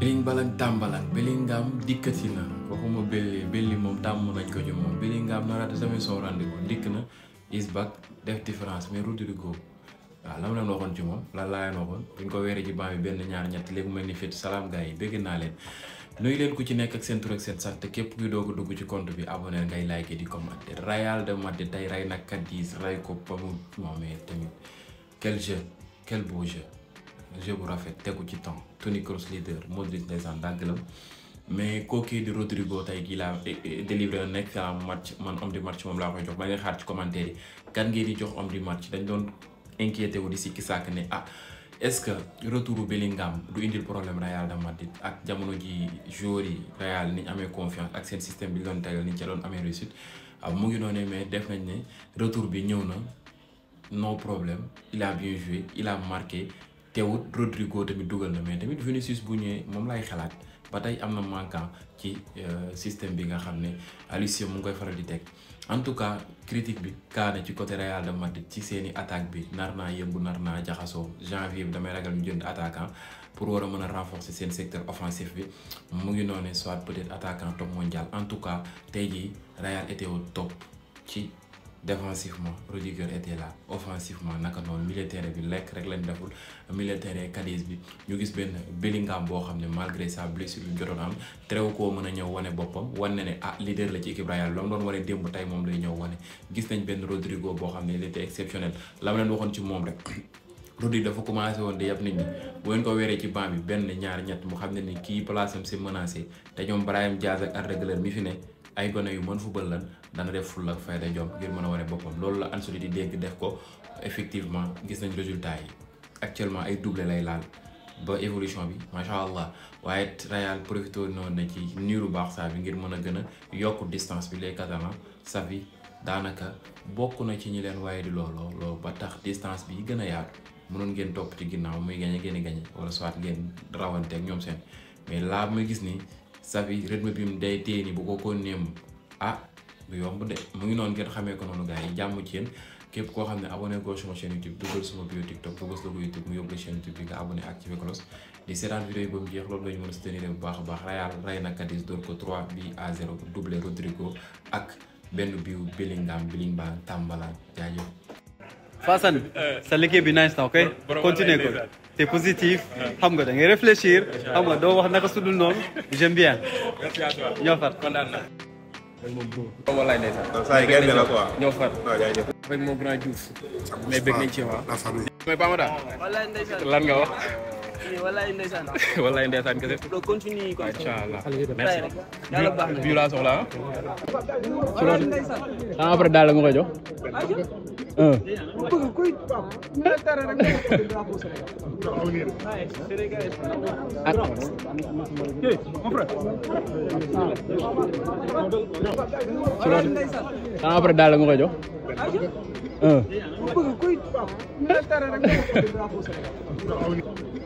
biling balang tàmbalang Bellingham dikkati na waxuma belli belli moom tàmm nañ ko ci moom Bellingham na raté jamais son rendez-vous dikk na is back def difference mais Rodrigo waaw la ma leen waxoon ci moom lan laa leen waxoon buñ ko weeree ci bi benn ñaar ñett léegi mel ni fit salaam gars yi bégg naa leen nuyu leen ku ci nekk ak seen tur ak seen sant képp kuy doog a dugg ci compte bi abonné ngay like di commenter Real de Madrid tey rey na Cadiz rey ko ba mu moomee tamit quel jeu quel jeu bu rafet tegu ci temps Toni Kroos leader Modric ndeysaan dàggalam mais kooku di Rodrigo tey jii laa eh, eh, délivré un excellent match man homme du match moom laa koy jox ma ngi xaar ci commentaire yi kan ngeen di jox homme du match dañ doon inquiété wu di sikki sàkk ni ah est-ce que retouru Bellingham du indi problème Real de Madrid ak jamono ji joueurs yi Real ni amee confiance ak seen système bi doon tegal ni ca doon amee réussite ah, mu ngi noonu mais def nañ ne retour bi ñëw na no problème a bien teewut Rodrigo tamit dugal na mais tamit Vinicius bu ñëwee moom lay xalaat ba tey am na manquant ci euh, système bi nga xam ne Alicia mu ngi koy faral di teg en tout cas critique bi kaana ci côté Real de Madrid ci seeni attaque bi nar naa yëngu nar naa jaxasoo janvier bi damay ragal ñu jënd attaquant pour war a mën a renforce seen secteur offensif bi mu ngi noonu soit peut-être attaquant top mondial en tout cas tey jii Real était top ci défensivement Rudiger était là offensivement naka noonu milieu terrain bi lekk rek lañ deful milieu terrain bi ñu gis benn Bellingham boo xam ne malgré sa blessure bi jotoon am terew koo mën a ñëw wane boppam wane ne ah leader la ci équipe royale la mu doon wane démb tey moom lay ñëw wane gis nañ benn Rodrigo boo xam ne il était exceptionnel la ma leen waxoon ci moom rek. Rodri dafa commencé woon di yab nit ñi bu ngeen ko weeree ci banc bi benn ñaar ñett mu xam ne ni kii place am c'est menacé te ñoom Brahim Diaz ak Arda Güler mi fi ne. ay gone yu mën football lan dana def fulla ak fayda jom ngir mën a wane boppam loolu la Ancelotti di dégg def ko effectivement gis nañ résultat yi actuellement ay double lay laal ba évolution bi macha allah waaye Real profité noonu na ci niiru baax saa bi ngir mën a gën a yokk distance bi les Catalans Xavi daanaka bokk na ci ñi leen waaye di looloo loolu ba tax distance bi gën a yaatu mënoon ngeen topp ci ginnaaw muy gañe ngeen gañe wala soit ngeen rawanteeg ñoom seen mais laa muy gis nii. safi rythme bi mu day téye nii bu ko ko néem ah du yomb de mu ngi noonu xamee ko noonu gars yi jàmm ci yéen képp koo xam ne abonné goo sama chaîne YouTube dugal sama bio TikTok bëggas mu yóbbu la YouTube bi nga abonné activé cloche di seetaan vidéo yi ba jeex loolu la ñu mën a soutenir bu baax a baax Real rey na Cadiz dóor ko 3 bi à 0 doublé Rodrigo ak benn biu Bellingham Bellingham Tambala jaajëf. Fassane eh. sa liggéey bi nice na ok. continue t'es positif xam nga da ngay réfléchir xam nga doo wax naka sudul noonu j'aime bien. merci à toi ñoo far kontaan naa. rek moom góor. walaay ndeysaan. saa yi gerte la ñoo far. rek moom grand Diouf. ci waaw. mais Bamada. walaay nga wax. walaay ndeysaan. walaay ndeysaan kese. donc continue quoi. incha allah merci. yàlla baax na bii laa soxla après daal la nga koy ah après daal la nga koy jox.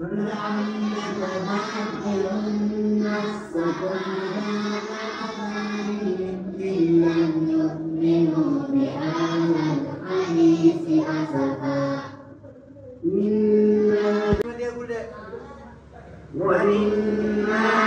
قل عمك تعقلن نفسكم هذا خير إن لم يؤمنوا بهذا الحديث أسفا إنا ولله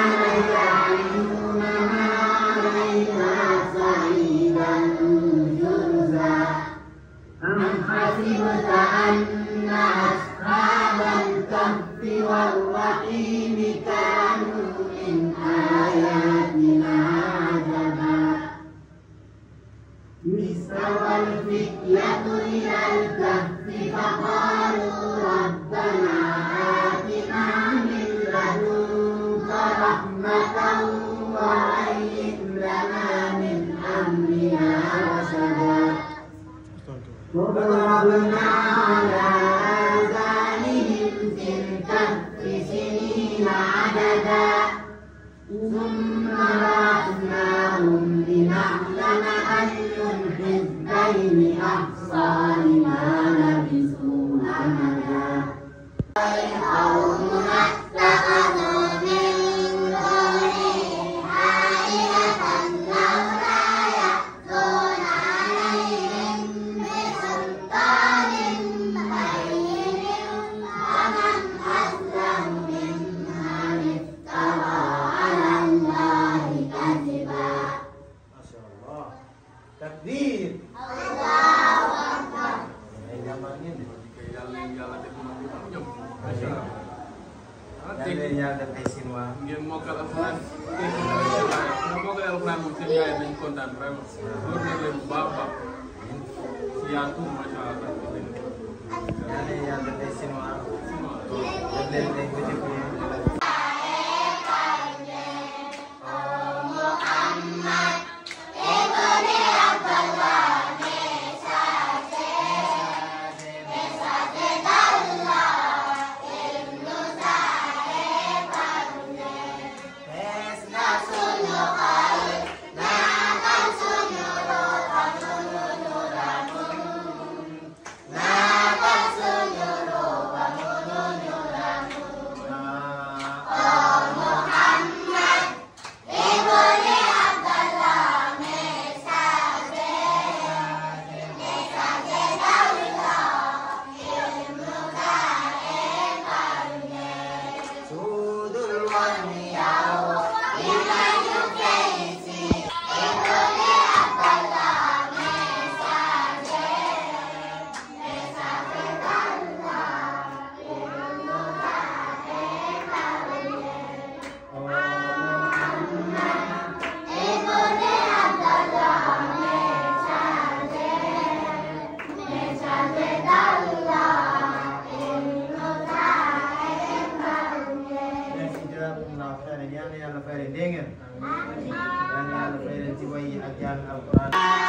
tey yaa ngi leen def ay Sinoa. ngeen mokkal alxuraan ngeen mokkal alxuraan moom seen yaay nañ kontaan vraiment. loolu nag leen bu baax a baax si yaatu macha ak jàng alquran